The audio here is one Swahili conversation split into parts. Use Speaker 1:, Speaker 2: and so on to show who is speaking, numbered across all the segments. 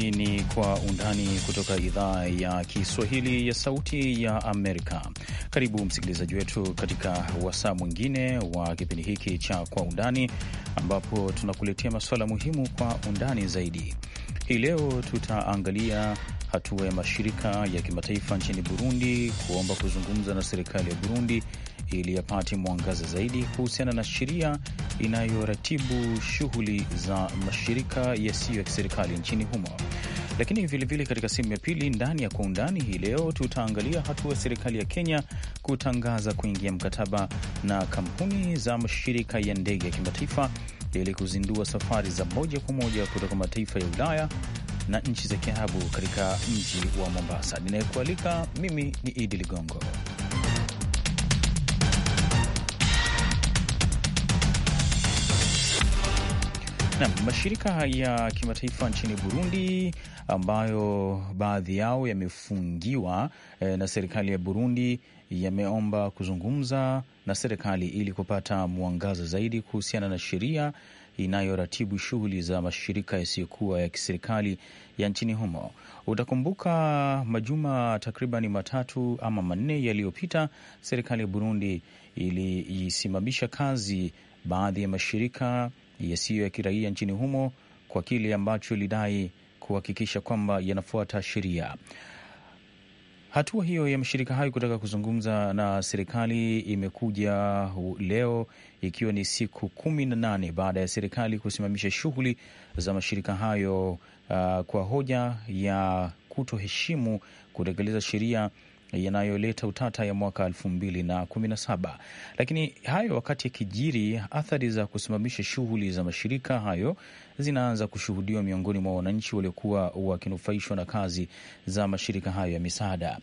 Speaker 1: Hii ni Kwa Undani kutoka idhaa ya Kiswahili ya Sauti ya Amerika. Karibu msikilizaji wetu katika wasaa mwingine wa kipindi hiki cha Kwa Undani, ambapo tunakuletea masuala muhimu kwa undani zaidi. Hii leo tutaangalia hatua ya mashirika ya kimataifa nchini Burundi kuomba kuzungumza na serikali ya Burundi ili yapate mwangaza zaidi kuhusiana na sheria inayoratibu shughuli za mashirika yasiyo ya kiserikali nchini humo. Lakini vilevile katika sehemu ya pili ndani ya kwa undani hii leo tutaangalia hatua ya serikali ya Kenya kutangaza kuingia mkataba na kampuni za mashirika ya ndege ya kimataifa ili kuzindua safari za moja kwa moja kutoka mataifa ya Ulaya na nchi za Kiarabu katika mji wa Mombasa. Ninayekualika mimi ni Idi Ligongo. Na mashirika ya kimataifa nchini Burundi ambayo baadhi yao yamefungiwa e, na serikali ya Burundi yameomba kuzungumza na serikali ili kupata mwangaza zaidi kuhusiana na sheria inayoratibu shughuli za mashirika yasiyokuwa ya kiserikali ya nchini humo. Utakumbuka majuma takribani matatu ama manne yaliyopita, serikali ya Burundi iliisimamisha kazi baadhi ya mashirika yasiyo ya kiraia nchini humo kwa kile ambacho ilidai kuhakikisha kwamba yanafuata sheria. Hatua hiyo ya mashirika hayo kutaka kuzungumza na serikali imekuja leo ikiwa ni siku kumi na nane baada ya serikali kusimamisha shughuli za mashirika hayo uh, kwa hoja ya kutoheshimu kutekeleza sheria yanayoleta utata ya mwaka elfu mbili na kumi na saba. Lakini hayo wakati yakijiri, athari za kusimamisha shughuli za mashirika hayo zinaanza kushuhudiwa miongoni mwa wananchi waliokuwa wakinufaishwa na kazi za mashirika hayo ya misaada.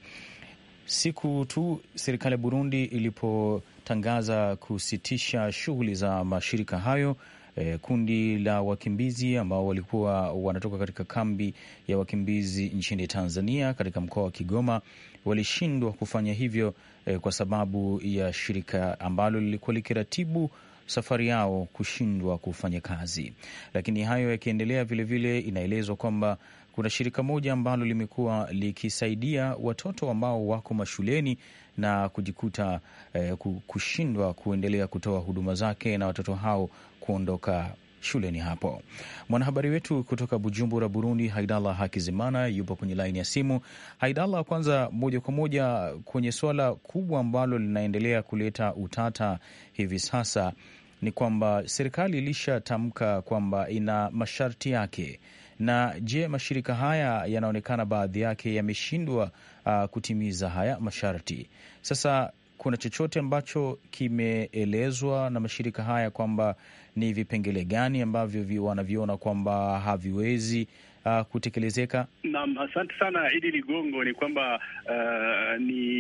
Speaker 1: Siku tu serikali ya Burundi ilipotangaza kusitisha shughuli za mashirika hayo eh, kundi la wakimbizi ambao walikuwa wanatoka katika kambi ya wakimbizi nchini Tanzania katika mkoa wa Kigoma walishindwa kufanya hivyo eh, kwa sababu ya shirika ambalo lilikuwa likiratibu safari yao kushindwa kufanya kazi. Lakini hayo yakiendelea, vilevile inaelezwa kwamba kuna shirika moja ambalo limekuwa likisaidia watoto ambao wako mashuleni na kujikuta eh, kushindwa kuendelea kutoa huduma zake, na watoto hao kuondoka shuleni hapo. Mwanahabari wetu kutoka Bujumbura, Burundi, haidala Hakizimana yupo kwenye laini ya simu. haidala kwanza moja kwa moja kwenye suala kubwa ambalo linaendelea kuleta utata hivi sasa ni kwamba serikali ilishatamka kwamba ina masharti yake, na je, mashirika haya yanaonekana baadhi yake yameshindwa uh, kutimiza haya masharti. Sasa kuna chochote ambacho kimeelezwa na mashirika haya kwamba ni vipengele gani ambavyo wanaviona kwamba haviwezi uh, kutekelezeka?
Speaker 2: Naam, asante sana Idi Ligongo. Ni kwamba uh, ni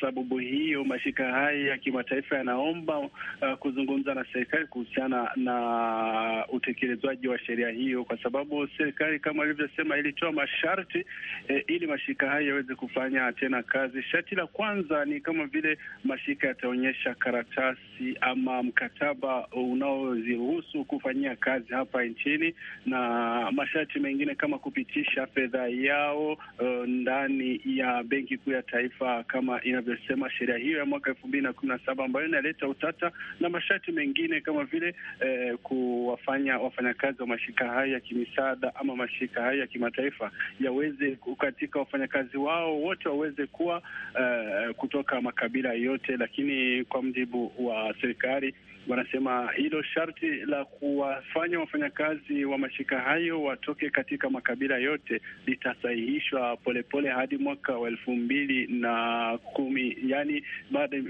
Speaker 2: sababu hiyo mashirika haya ya kimataifa yanaomba uh, kuzungumza na serikali kuhusiana na utekelezwaji wa sheria hiyo, kwa sababu serikali kama ilivyosema ilitoa masharti eh, ili mashirika haya yaweze kufanya tena kazi. Sharti la kwanza ni kama vile mashirika yataonyesha karatasi ama mkataba unaoziruhusu kufanyia kazi hapa nchini, na masharti mengine kama kupitisha fedha yao uh, ndani ya benki kuu ya taifa kama inavyo zinazosema sheria hiyo ya mwaka elfu mbili na kumi na saba ambayo inaleta utata na masharti mengine kama vile eh, kuwafanya wafanyakazi wa mashirika haya ya kimisaada ama mashirika haya ya kimataifa yaweze katika wafanyakazi wao wote waweze kuwa eh, kutoka makabila yote, lakini kwa mjibu wa serikali wanasema hilo sharti la kuwafanya wafanyakazi wa mashirika hayo watoke katika makabila yote litasahihishwa polepole hadi mwaka wa elfu mbili na kumi yani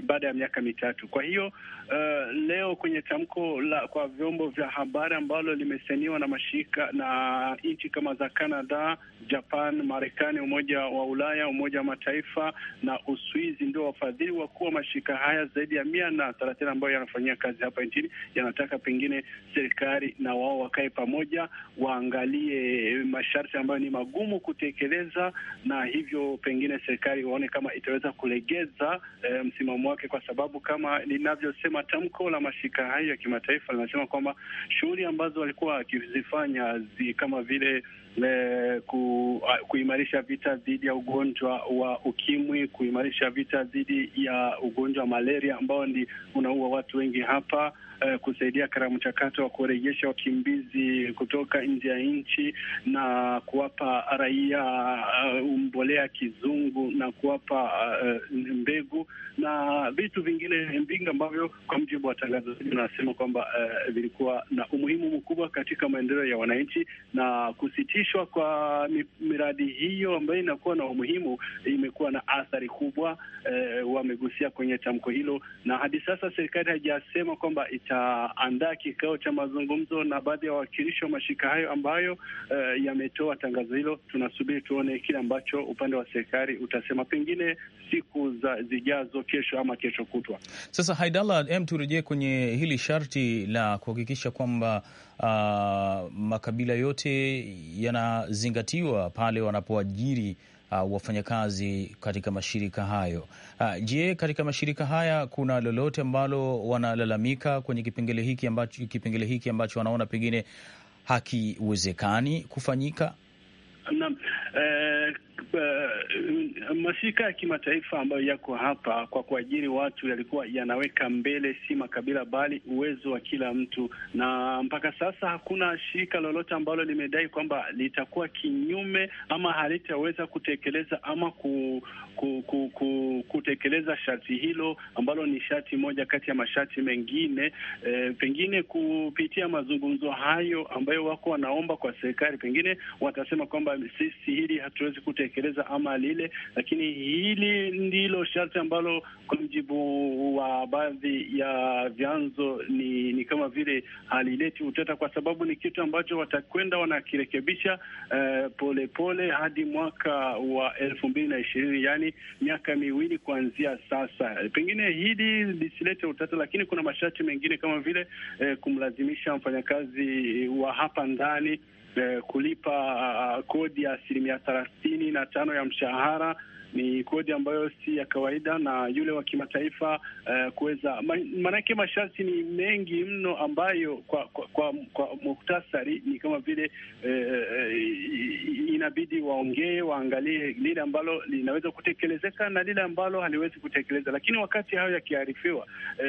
Speaker 2: baada ya miaka mitatu. Kwa hiyo uh, leo kwenye tamko la kwa vyombo vya habari ambalo limesainiwa na mashirika na nchi kama za Canada, Japan, Marekani, Umoja wa Ulaya, Umoja wa Mataifa na Uswizi ndio wafadhili wakuu wa mashirika haya zaidi ya mia na thelathini ambayo yanafanyia kazi hapa nchini yanataka pengine serikali na wao wakae pamoja, waangalie masharti ambayo ni magumu kutekeleza, na hivyo pengine serikali waone kama itaweza kulegeza e, msimamo wake, kwa sababu kama linavyosema tamko la mashirika hayo ya kimataifa linasema kwamba shughuli ambazo walikuwa wakizifanya kama vile le, eh, ku, ah, kuimarisha vita dhidi ya ugonjwa wa ukimwi, kuimarisha vita dhidi ya ugonjwa wa malaria ambao ndi unaua watu wengi hapa uh, kusaidia katika mchakato wa kurejesha wakimbizi kutoka nje ya nchi na kuwapa raia uh, mbolea kizungu na kuwapa uh, mbegu na vitu vingine vingi ambavyo kwa mjibu wa tangazo hili unasema kwamba uh, vilikuwa na umuhimu mkubwa katika maendeleo ya wananchi, na kusitishwa kwa miradi hiyo ambayo inakuwa na umuhimu imekuwa na athari kubwa. Uh, wamegusia kwenye tamko hilo, na hadi sasa serikali haijasema kwamba itaandaa kikao cha mazungumzo na baadhi ya wawakilishi wa mashirika hayo ambayo uh, yametoa tangazo hilo. Tunasubiri tuone kile ambacho upande wa serikali utasema, pengine siku za zijazo, kesho ama kesho kutwa.
Speaker 1: Sasa Haidala, em, turejee kwenye hili sharti la kuhakikisha kwamba uh, makabila yote yanazingatiwa pale wanapoajiri uh, wafanyakazi katika mashirika hayo. Uh, je, katika mashirika haya kuna lolote ambalo wanalalamika kwenye kipengele hiki ambacho, kipengele hiki ambacho wanaona pengine hakiwezekani kufanyika?
Speaker 2: Naam, Eh, eh, mashirika ya kimataifa ambayo yako hapa kwa kuajiri watu yalikuwa yanaweka mbele si makabila, bali uwezo wa kila mtu, na mpaka sasa hakuna shirika lolote ambalo limedai kwamba litakuwa kinyume ama halitaweza kutekeleza ama ku, ku, ku, ku, kutekeleza sharti hilo ambalo ni sharti moja kati ya masharti mengine eh, pengine kupitia mazungumzo hayo ambayo wako wanaomba kwa serikali, pengine watasema kwamba sisi hili hatuwezi kutekeleza ama lile, lakini hili ndilo sharti ambalo kwa mjibu wa baadhi ya vyanzo ni, ni kama vile halileti utata, kwa sababu ni kitu ambacho watakwenda wanakirekebisha polepole eh, pole, hadi mwaka wa elfu mbili na ishirini yani miaka miwili kuanzia sasa. Pengine hili lisilete utata, lakini kuna masharti mengine kama vile eh, kumlazimisha mfanyakazi wa hapa ndani eh, kulipa uh, kodi ya asilimia thelathini na tano ya mshahara ni kodi ambayo si ya kawaida na yule wa kimataifa uh, kuweza maanake, masharti ni mengi mno ambayo kwa kwa, kwa, kwa muktasari ni kama vile uh, inabidi waongee, waangalie lile ambalo linaweza kutekelezeka na lile ambalo haliwezi kutekeleza. Lakini wakati hayo yakiharifiwa,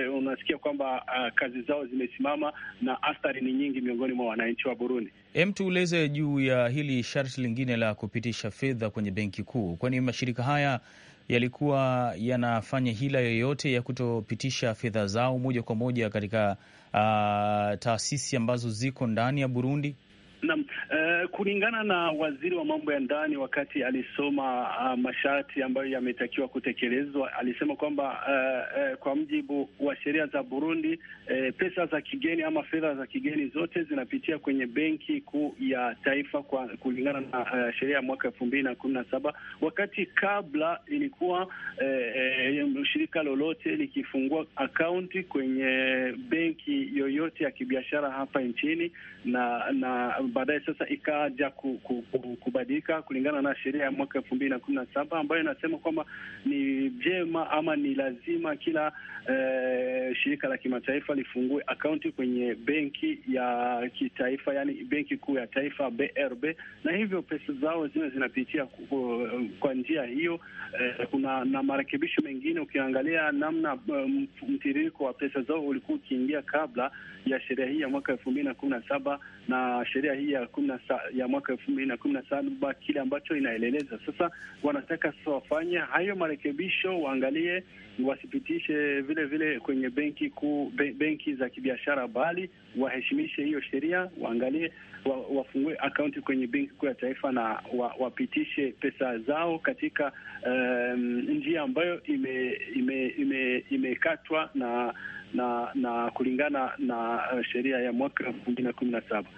Speaker 2: uh, unasikia kwamba uh, kazi zao zimesimama na athari ni nyingi miongoni mwa wananchi wa Burundi.
Speaker 1: Em, tueleze juu ya hili sharti lingine la kupitisha fedha kwenye benki kuu, kwani mashirika haya yalikuwa yanafanya hila yoyote ya kutopitisha fedha zao moja kwa moja katika uh, taasisi ambazo ziko ndani ya Burundi?
Speaker 2: Naam, uh, kulingana na waziri wa mambo ya ndani wakati alisoma uh, masharti ambayo yametakiwa kutekelezwa, alisema kwamba uh, uh, kwa mjibu wa sheria za Burundi uh, pesa za kigeni ama fedha za kigeni zote zinapitia kwenye benki kuu ya taifa kwa kulingana na uh, sheria ya mwaka elfu mbili na kumi na saba wakati kabla ilikuwa uh, uh, shirika lolote likifungua akaunti kwenye benki yoyote ya kibiashara hapa nchini na na baadaye sasa ikaja ku, ku, ku, kubadilika kulingana na sheria ya mwaka elfu mbili na kumi na saba ambayo inasema kwamba ni vyema ama ni lazima kila eh, shirika la kimataifa lifungue akaunti kwenye benki ya kitaifa, yani benki kuu ya taifa BRB, na hivyo pesa zao ziwe zinapitia kwa njia hiyo. Eh, kuna na marekebisho mengine, ukiangalia namna eh, mtiririko wa pesa zao ulikuwa ukiingia kabla ya sheria hii ya mwaka elfu mbili na kumi na saba na sheria hii ya kumi na sa, ya mwaka elfu mbili na kumi na saba kile ambacho inaeleleza sasa. Wanataka sasa wafanye hayo marekebisho, waangalie wasipitishe vile vile kwenye benki kuu, benki za kibiashara, bali waheshimishe hiyo sheria, waangalie wa, wafungue akaunti kwenye benki kuu ya taifa na wa, wapitishe pesa zao katika um, njia ambayo imekatwa ime, ime, ime na na na kulingana
Speaker 3: na eh, sheria ya mwaka elfu mbili na kumi na saba.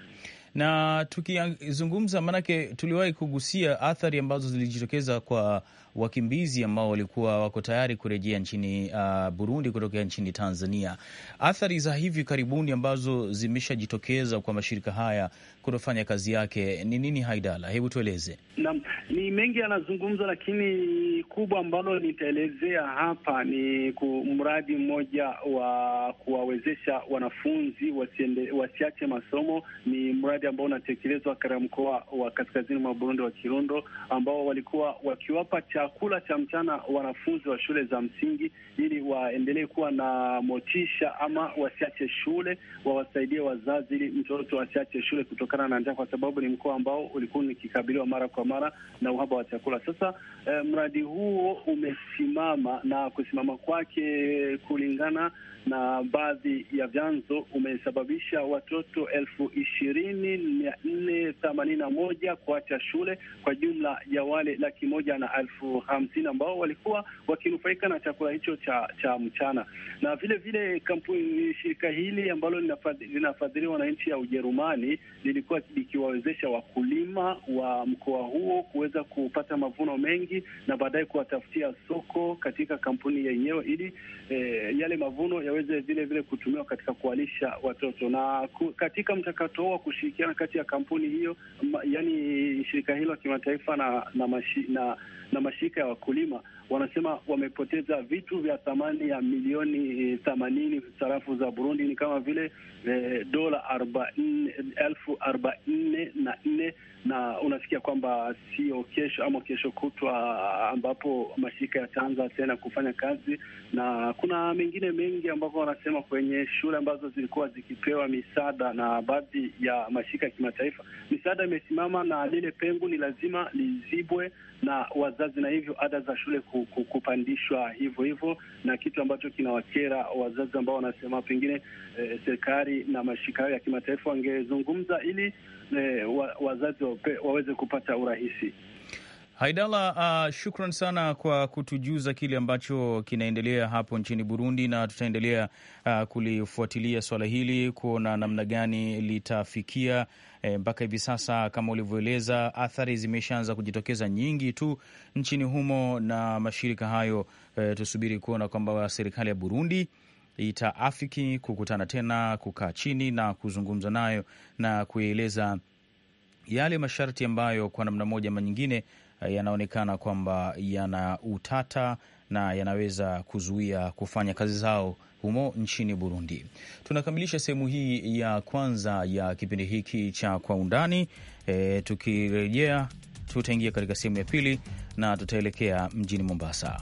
Speaker 1: Na tukizungumza, maanake tuliwahi kugusia athari ambazo zilijitokeza kwa wakimbizi ambao walikuwa wako tayari kurejea nchini uh, Burundi kutokea nchini Tanzania. Athari za hivi karibuni ambazo zimeshajitokeza kwa mashirika haya kutofanya kazi yake ni nini, Haidala? Hebu tueleze.
Speaker 2: Naam, ni mengi yanazungumzwa, lakini kubwa ambalo nitaelezea hapa ni mradi mmoja wa kuwawezesha wanafunzi wasiende, wasiache masomo. Ni mradi ambao unatekelezwa katika mkoa wa kaskazini mwa Burundi wa Kirundo, ambao walikuwa wakiwapa cha chakula cha mchana wanafunzi wa shule za msingi, ili waendelee kuwa na motisha ama wasiache shule, wawasaidie wazazi ili mtoto asiache shule kutokana na njaa, kwa sababu ni mkoa ambao ulikuwa ukikabiliwa mara kwa mara na uhaba wa chakula. Sasa eh, mradi huo umesimama na kusimama kwake kulingana na baadhi ya vyanzo umesababisha watoto elfu ishirini mia nne themanini na moja kuacha shule kwa jumla ya wale laki moja na elfu hamsini ambao walikuwa wakinufaika na chakula hicho cha cha mchana. Na vile vile kampuni shirika hili ambalo linafadhiliwa na nchi ya Ujerumani lilikuwa likiwawezesha wakulima wa mkoa huo kuweza kupata mavuno mengi na baadaye kuwatafutia soko katika kampuni yenyewe ili eh, yale mavuno ya yaweze vile vile kutumiwa katika kuwalisha watoto. Na katika mchakato huo wa kushirikiana kati ya kampuni hiyo, yani shirika hilo la kimataifa na na, mashi, na na mashirika ya wakulima wanasema wamepoteza vitu vya thamani ya milioni eh, themanini sarafu za Burundi, ni kama vile eh, dola elfu arobaini na nne na unasikia kwamba sio kesho ama kesho kutwa ambapo mashirika yataanza tena kufanya kazi, na kuna mengine mengi ambapo wanasema kwenye shule ambazo zilikuwa zikipewa misaada na baadhi ya mashirika ya kimataifa, misaada imesimama na lile pengo ni lazima lizibwe na wazazi, na hivyo ada za shule kupandishwa hivyo hivyo, na kitu ambacho kinawakera wazazi ambao wanasema pengine eh, serikali na mashirika hayo ya kimataifa wangezungumza ili eh, wazazi waweze kupata urahisi.
Speaker 1: Haidala, uh, shukran sana kwa kutujuza kile ambacho kinaendelea hapo nchini Burundi, na tutaendelea uh, kulifuatilia swala hili kuona namna gani litafikia eh, mpaka e, hivi sasa kama ulivyoeleza, athari zimeshaanza kujitokeza nyingi tu nchini humo na mashirika hayo e, tusubiri kuona kwamba serikali ya Burundi itaafiki kukutana tena, kukaa chini na kuzungumza nayo na kueleza yale masharti ambayo kwa namna moja ama nyingine eh, yanaonekana kwamba yana utata na yanaweza kuzuia kufanya kazi zao humo nchini Burundi. Tunakamilisha sehemu hii ya kwanza ya kipindi hiki cha Kwa Undani. E, tukirejea tutaingia katika sehemu ya pili na tutaelekea mjini Mombasa.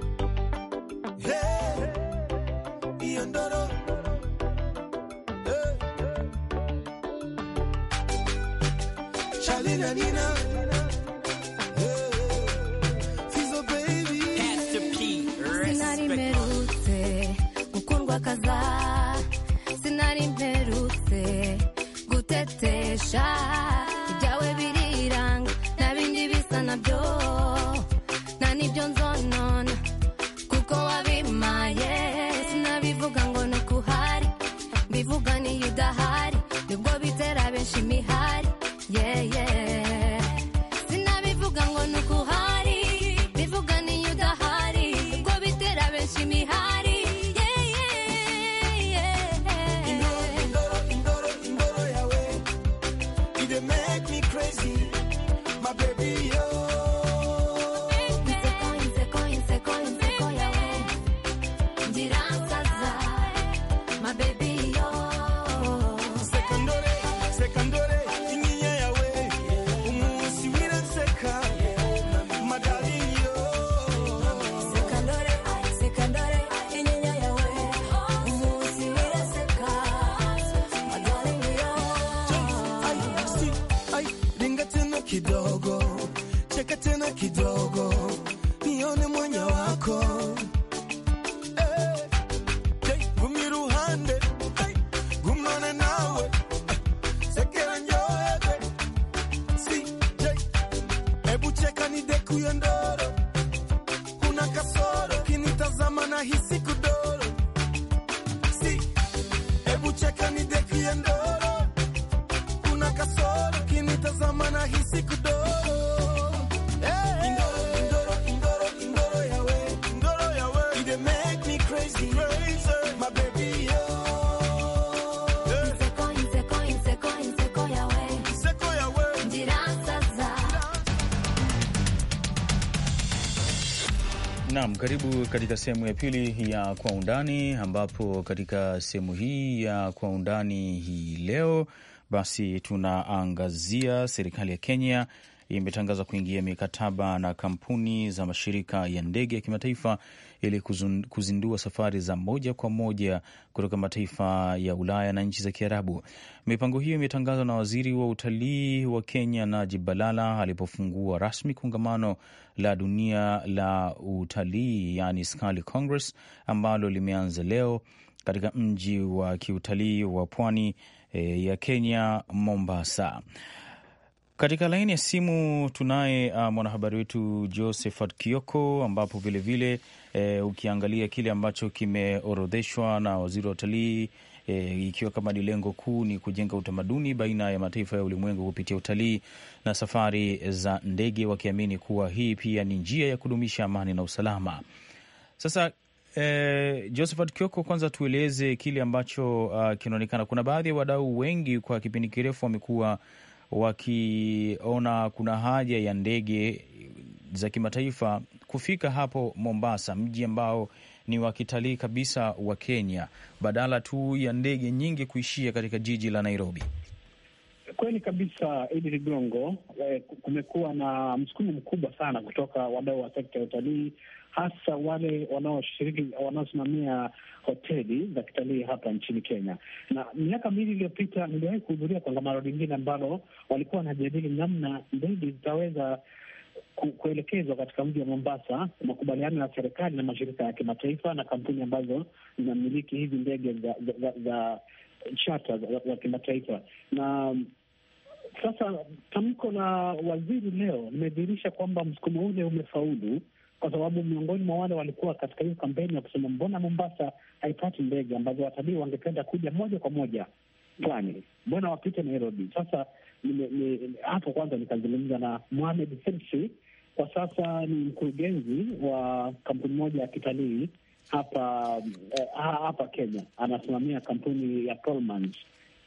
Speaker 4: sinari merutse, gutete, șai Ukicheka ni deku yondoro, una kasoro, ukinitazama na hisi kudoro. Si, ebu cheka ni deku yondoro, una kasoro, ukinitazama na hisi kudoro
Speaker 1: Naam, karibu katika sehemu ya pili ya Kwa Undani, ambapo katika sehemu hii ya Kwa Undani hii leo basi tunaangazia serikali ya Kenya imetangaza kuingia mikataba na kampuni za mashirika ya ndege ya kimataifa ili kuzindua safari za moja kwa moja kutoka mataifa ya Ulaya na nchi za Kiarabu. Mipango hiyo imetangazwa na waziri wa utalii wa Kenya Najib Balala alipofungua rasmi kongamano la dunia la utalii, yani Skali Congress, ambalo limeanza leo katika mji wa kiutalii wa pwani e, ya Kenya Mombasa. Katika laini ya simu tunaye uh, mwanahabari wetu Josephat Kioko, ambapo vilevile eh, ukiangalia kile ambacho kimeorodheshwa na waziri wa utalii e, ikiwa kama ni lengo kuu ni kujenga utamaduni baina ya mataifa ya ulimwengu kupitia utalii na safari za ndege, wakiamini kuwa hii pia ni njia ya kudumisha amani na usalama. Sasa e, Josephat Kioko, kwanza tueleze kile ambacho uh, kinaonekana. Kuna baadhi ya wadau wengi kwa kipindi kirefu wamekuwa wakiona kuna haja ya ndege za kimataifa kufika hapo Mombasa, mji ambao ni wa kitalii kabisa wa Kenya, badala tu ya ndege nyingi kuishia katika jiji la Nairobi.
Speaker 3: Kweli kabisa, Idi Ligongo, eh, kumekuwa na msukumo mkubwa sana kutoka wadau wa sekta ya utalii hasa wale wanaoshiriki wanaosimamia hoteli za kitalii hapa nchini Kenya. Na miaka miwili iliyopita niliwahi kuhudhuria kongamano lingine ambalo walikuwa wanajadili namna ndege zitaweza kuelekezwa katika mji wa Mombasa, makubaliano ya serikali na mashirika ya kimataifa na kampuni ambazo zinamiliki hizi ndege za, za, za, za chata za, za kimataifa. Na sasa tamko la waziri leo limedhihirisha kwamba msukumo ule umefaulu kwa sababu miongoni mwa wale walikuwa katika hiyo kampeni ya kusema mbona Mombasa haipati ndege ambazo watalii wangependa kuja moja kwa moja pwani, mbona wapite Nairobi? Sasa hapo kwanza nikazungumza na Mohamed Semshi, kwa sasa ni mkurugenzi wa kampuni moja ya kitalii hapa eh, hapa Kenya, anasimamia kampuni ya Pullman,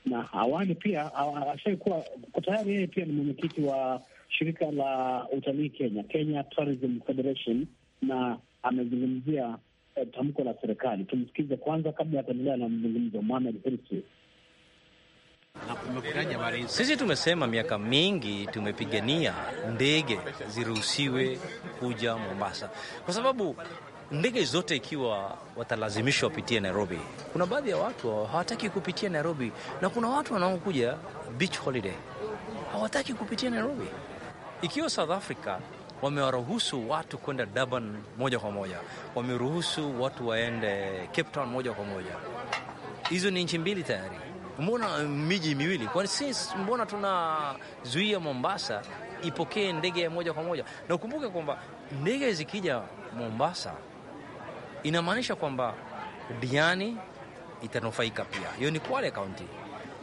Speaker 3: na awali pia ashaikuwa tayari, yeye pia ni mwenyekiti wa shirika la utalii Kenya, Kenya Tourism Federation, na amezungumzia eh, tamko la serikali. Tumsikize kwanza kabla ya kuendelea na mzungumzo. Mohamed
Speaker 5: Sisi tumesema miaka mingi tumepigania ndege ziruhusiwe kuja Mombasa kwa sababu ndege zote ikiwa watalazimishwa wapitie Nairobi, kuna baadhi ya watu hawataki kupitia Nairobi, na kuna watu wanaokuja beach holiday hawataki kupitia Nairobi. Ikiwa South Africa wamewaruhusu watu kwenda Durban moja kwa moja, wameruhusu watu waende Cape Town moja kwa moja, hizo ni nchi mbili tayari. Mbona uh, miji miwili? Kwani sisi mbona tunazuia Mombasa ipokee ndege ya moja kwa moja? Na ukumbuke kwamba ndege zikija Mombasa inamaanisha kwamba Diani itanufaika pia, hiyo ni Kwale Kaunti.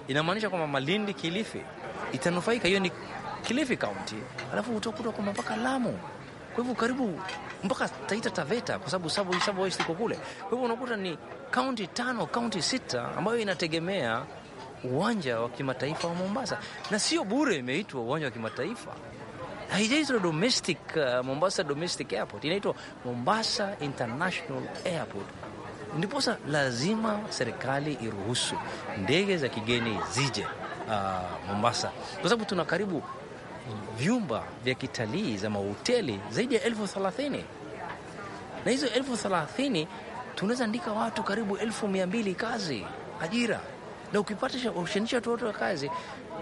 Speaker 5: Inamaanisha kwamba Malindi, Kilifi itanufaika, hiyo ni Kilifi kaunti, alafu utakuta kwamba mpaka Lamu, kwa hivyo karibu mpaka Taita Taveta, kwa sababu Savoice iko kule. Kwa hivyo unakuta ni kaunti tano, kaunti sita ambayo inategemea uwanja wa kimataifa wa Mombasa, na sio bure imeitwa uwanja wa kimataifa haijaitwa domestic uh, Mombasa domestic airport, inaitwa Mombasa international airport. Ndiposa lazima serikali iruhusu ndege za kigeni zije uh, Mombasa, kwa sababu tuna karibu vyumba vya kitalii za mahoteli zaidi ya elfu thelathini na hizo elfu thelathini tunaweza andika watu karibu elfu mia mbili kazi ajira, na ukipata ushanisha watu wote wa kazi,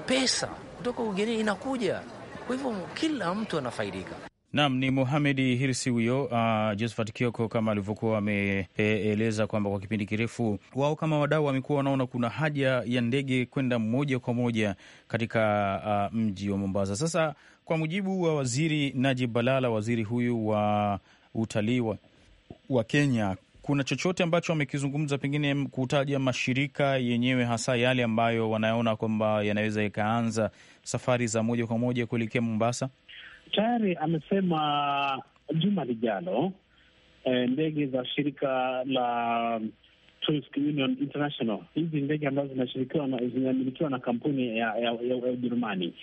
Speaker 5: pesa kutoka ugenini inakuja. Kwa hivyo kila mtu anafaidika.
Speaker 1: Nam ni Muhamedi Hirsi huyo. Uh, Josephat Kioko kama alivyokuwa ameeleza kwamba kwa kipindi kirefu wao kama wadau wamekuwa wanaona kuna haja ya ndege kwenda moja kwa moja katika uh, mji wa Mombasa. Sasa kwa mujibu wa waziri Najib Balala, waziri huyu wa utalii wa, wa Kenya, kuna chochote ambacho amekizungumza, pengine kutaja mashirika yenyewe hasa yale ambayo wanaona kwamba yanaweza yakaanza safari za moja kwa moja kuelekea Mombasa? tayari amesema juma lijalo e, ndege za shirika la Tourist Union International,
Speaker 3: hizi ndege ambazo zinamilikiwa na kampuni ya Ujerumani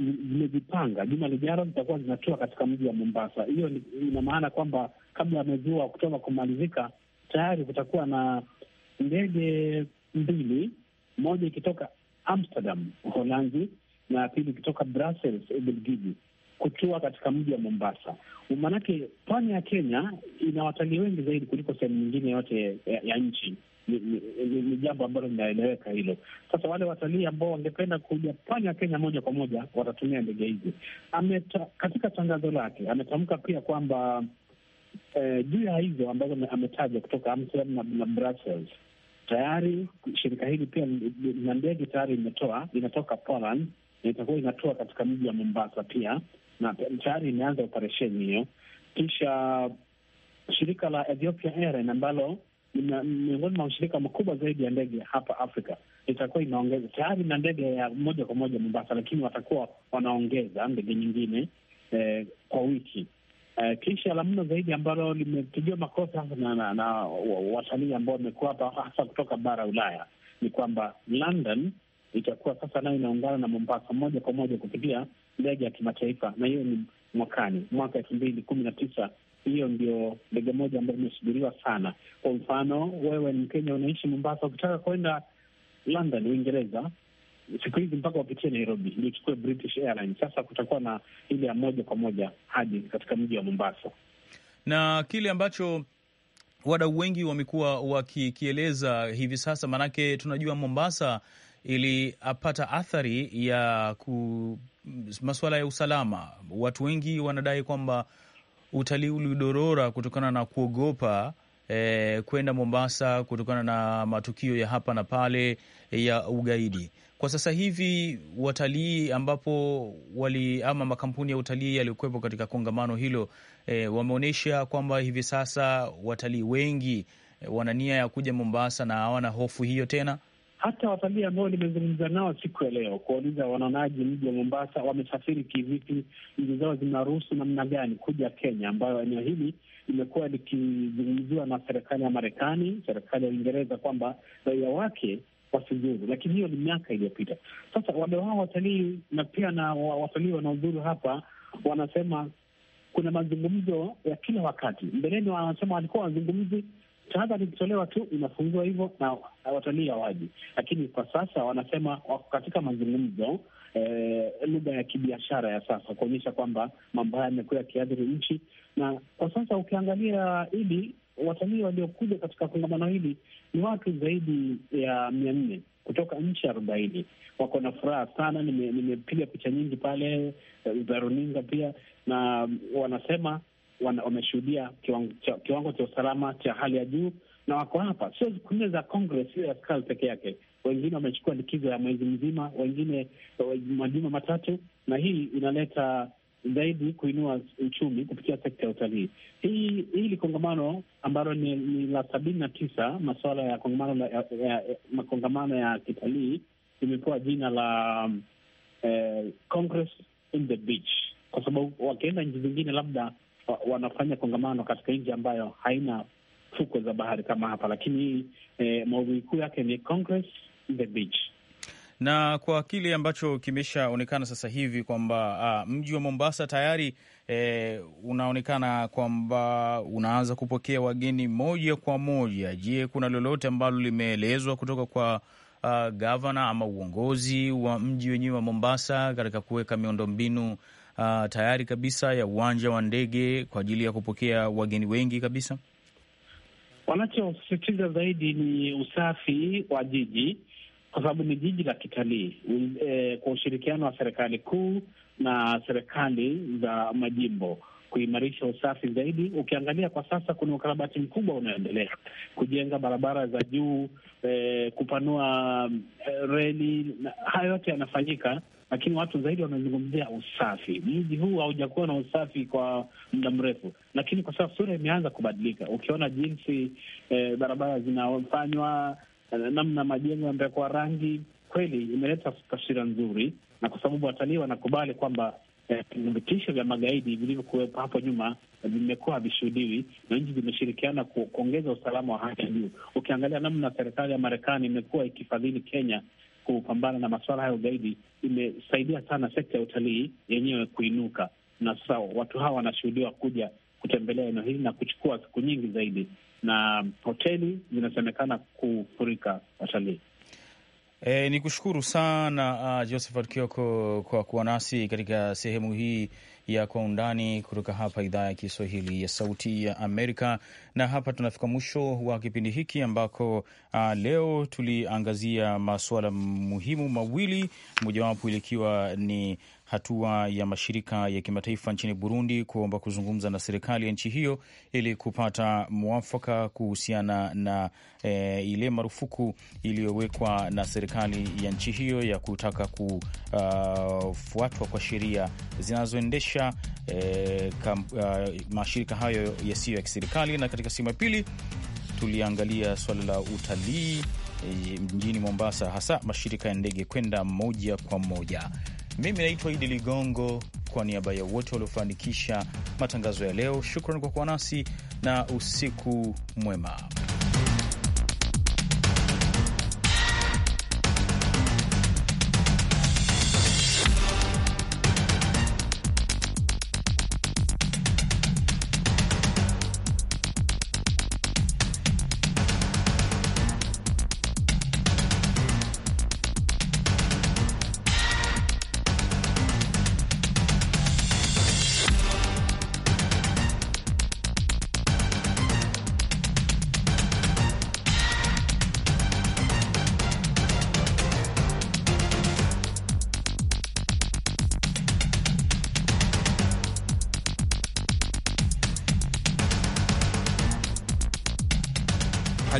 Speaker 3: zimejipanga juma lijalo zitakuwa zinatua katika mji wa Mombasa. Hiyo ina maana kwamba kabla ya mwezi wa Oktoba kumalizika, tayari kutakuwa na ndege mbili, moja ikitoka Amsterdam Uholanzi na ya pili kutoka Brussels, Ubelgiji, kutua katika mji wa Mombasa. Maanake pwani ya Kenya ina watalii wengi zaidi kuliko sehemu nyingine yote ya, ya nchi. Ni, jambo ambalo linaeleweka hilo. Sasa wale watalii ambao wangependa kuja pwani ya Kenya moja kwa moja watatumia ndege hizi. Katika tangazo lake ametamka pia kwamba eh, juu ya hizo ambazo ametaja kutoka Amsterdam na, na Brussels tayari shirika hili pia na ndege tayari imetoa inatoka Poland na itakuwa inatoa katika mji wa Mombasa pia, na tayari imeanza operesheni hiyo. Kisha shirika la Ethiopia Airlines ambalo miongoni mwa ushirika mkubwa zaidi ya ndege hapa Afrika itakuwa inaongeza tayari na ndege ya moja kwa moja Mombasa, lakini watakuwa wanaongeza ndege nyingine eh, kwa wiki eh. Kisha la mno zaidi ambalo limepigiwa makosa na, na, na watalii ambao wamekuwa hapa hasa kutoka bara Ulaya ni kwamba London itakuwa sasa nayo inaungana na Mombasa moja kwa moja kupitia ndege ya kimataifa, na hiyo ni mwakani, mwaka elfu mbili kumi na tisa. Hiyo ndio ndege moja ambayo imesubiriwa sana. Kwa mfano, wewe ni Mkenya unaishi Mombasa, ukitaka kwenda London Uingereza siku hizi mpaka wapitie Nairobi ndio ichukue British Airlines. Sasa kutakuwa na ile ya moja kwa moja hadi katika mji wa Mombasa,
Speaker 1: na kile ambacho wadau wengi wamekuwa wakikieleza hivi sasa, maanake tunajua Mombasa iliapata athari ya ku masuala ya usalama. Watu wengi wanadai kwamba utalii ulidorora kutokana na kuogopa eh, kwenda Mombasa kutokana na matukio ya hapa na pale ya ugaidi. Kwa sasa hivi watalii ambapo wali ama makampuni ya utalii yaliyokuwepo katika kongamano hilo eh, wameonyesha kwamba hivi sasa watalii wengi eh, wana nia ya kuja Mombasa na hawana hofu hiyo tena
Speaker 3: hata watalii ambao nimezungumza nao siku ya leo kuwauliza wanaonaji mji wa Mombasa, wamesafiri kivipi, nchi zao zinaruhusu namna gani kuja Kenya, ambayo eneo hili limekuwa likizungumziwa na serikali ya Marekani, serikali ya Uingereza kwamba raia wake wasizuru, lakini hiyo ni miaka iliyopita. Sasa wale wao watalii na pia na watalii wanaozuru hapa wanasema kuna mazungumzo ya kila wakati. Mbeleni wanasema walikuwa wazungumzi tahadhari likitolewa tu inafungua hivyo na watalii hawaji. Lakini kwa sasa wanasema wako katika mazungumzo e, lugha ya kibiashara ya sasa kuonyesha kwamba mambo haya yamekuwa yakiathiri nchi, na kwa sasa ukiangalia ili watalii waliokuja katika kongamano hili ni watu zaidi ya mia nne kutoka nchi arobaini. Wako na furaha sana, nimepiga nime picha nyingi pale eh, za runinga pia, na wanasema wameshuhudia kiwango, cha usalama cha hali ya juu na wako hapa, sio siku nne za Congress, sio askari peke yake. Wengine wamechukua likizo ya mwezi mzima, wengine majuma matatu, na hii inaleta zaidi kuinua uchumi kupitia sekta ya utalii. Hii hili kongamano ambalo ni, ni la sabini na tisa masuala ya kongamano ya, ya, makongamano ya kitalii imepewa jina la eh, Congress in the Beach, kwa sababu wakienda nchi zingine labda wanafanya kongamano katika nchi ambayo haina fukwe za bahari kama hapa, lakini eh, maudhui kuu yake ni Congress the beach
Speaker 1: na kwa kile ambacho kimeshaonekana sasa hivi kwamba ah, mji wa Mombasa tayari e, unaonekana kwamba unaanza kupokea wageni moja kwa moja. Je, kuna lolote ambalo limeelezwa kutoka kwa a, ah, gavana ama uongozi wa mji wenyewe wa Mombasa katika kuweka miundombinu uh, tayari kabisa ya uwanja wa ndege kwa ajili ya kupokea wageni wengi kabisa?
Speaker 3: Wanachosisitiza zaidi ni usafi wa jiji kwa sababu ni jiji la kitalii e, kwa ushirikiano wa serikali kuu na serikali za majimbo kuimarisha usafi zaidi. Ukiangalia kwa sasa, kuna ukarabati mkubwa unaoendelea kujenga barabara za juu e, kupanua e, reli. Hayo yote yanafanyika lakini watu zaidi wamezungumzia usafi. Mji huu haujakuwa na usafi kwa muda mrefu, lakini kwa sababu sura imeanza kubadilika, ukiona jinsi eh, barabara zinafanywa, eh, namna majengo yamepakwa rangi, kweli imeleta taswira nzuri, na kwa sababu watalii wanakubali kwamba eh, vitisho eh, vya magaidi vilivyokuwepo hapo nyuma vimekuwa havishuhudiwi na nchi zimeshirikiana kuongeza usalama wa hali ya juu. Ukiangalia namna serikali ya Marekani imekuwa ikifadhili Kenya kupambana na masuala hayo zaidi, imesaidia sana sekta ya utalii yenyewe kuinuka, na sasa watu hawa wanashuhudiwa kuja kutembelea eneo hili na kuchukua siku nyingi zaidi, na hoteli zinasemekana kufurika watalii.
Speaker 1: E, ni kushukuru sana uh, Josephat Kioko kwa kuwa nasi katika sehemu hii ya Kwa Undani kutoka hapa idhaa ya Kiswahili ya Sauti ya Amerika. Na hapa tunafika mwisho wa kipindi hiki ambako uh, leo tuliangazia masuala muhimu mawili, mojawapo ilikiwa ni hatua ya mashirika ya kimataifa nchini Burundi kuomba kuzungumza na serikali ya nchi hiyo ili kupata mwafaka kuhusiana na e, ile marufuku iliyowekwa na serikali ya nchi hiyo ya kutaka kufuatwa ah, uh, kwa sheria zinazoendesha e, uh, mashirika hayo yasiyo ya kiserikali. Na katika sehemu ya pili tuliangalia suala la utalii eh, mjini Mombasa, hasa mashirika ya ndege kwenda moja kwa moja. Mimi naitwa Idi Ligongo, kwa niaba ya wote waliofanikisha matangazo ya leo, shukran kwa kuwa nasi na usiku mwema.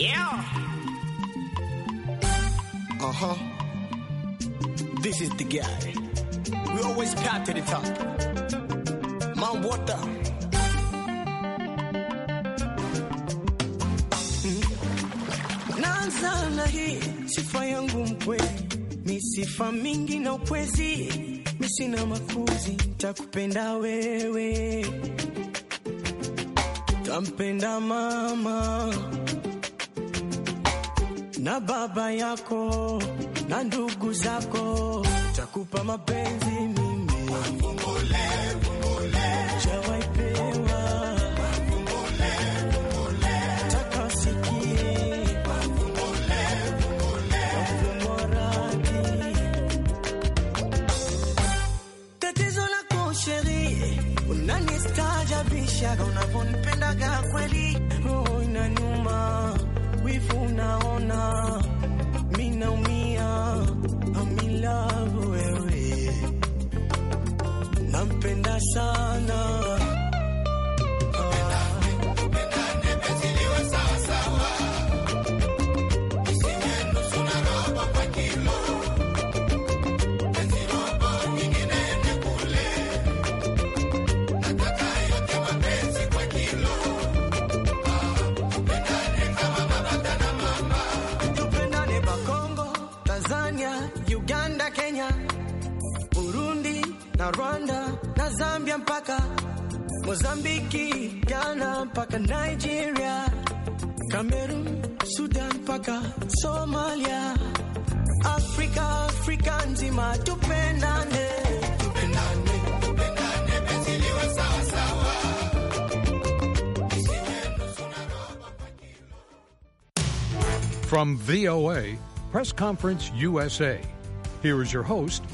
Speaker 6: Yeah.
Speaker 4: Uh huh. This is the guy. We always path to the top. Man, what the? Naanza na hii sifa yangu mkweli, mi sifa mingi na ukwezi, mi sina makuzi, takupenda wewe, tampenda mama na baba yako na ndugu zako, takupa mapenzi Ghana Nigeria, Cameroon, Sudan Somalia. nzima
Speaker 2: From VOA, Press Conference USA. Here is your host,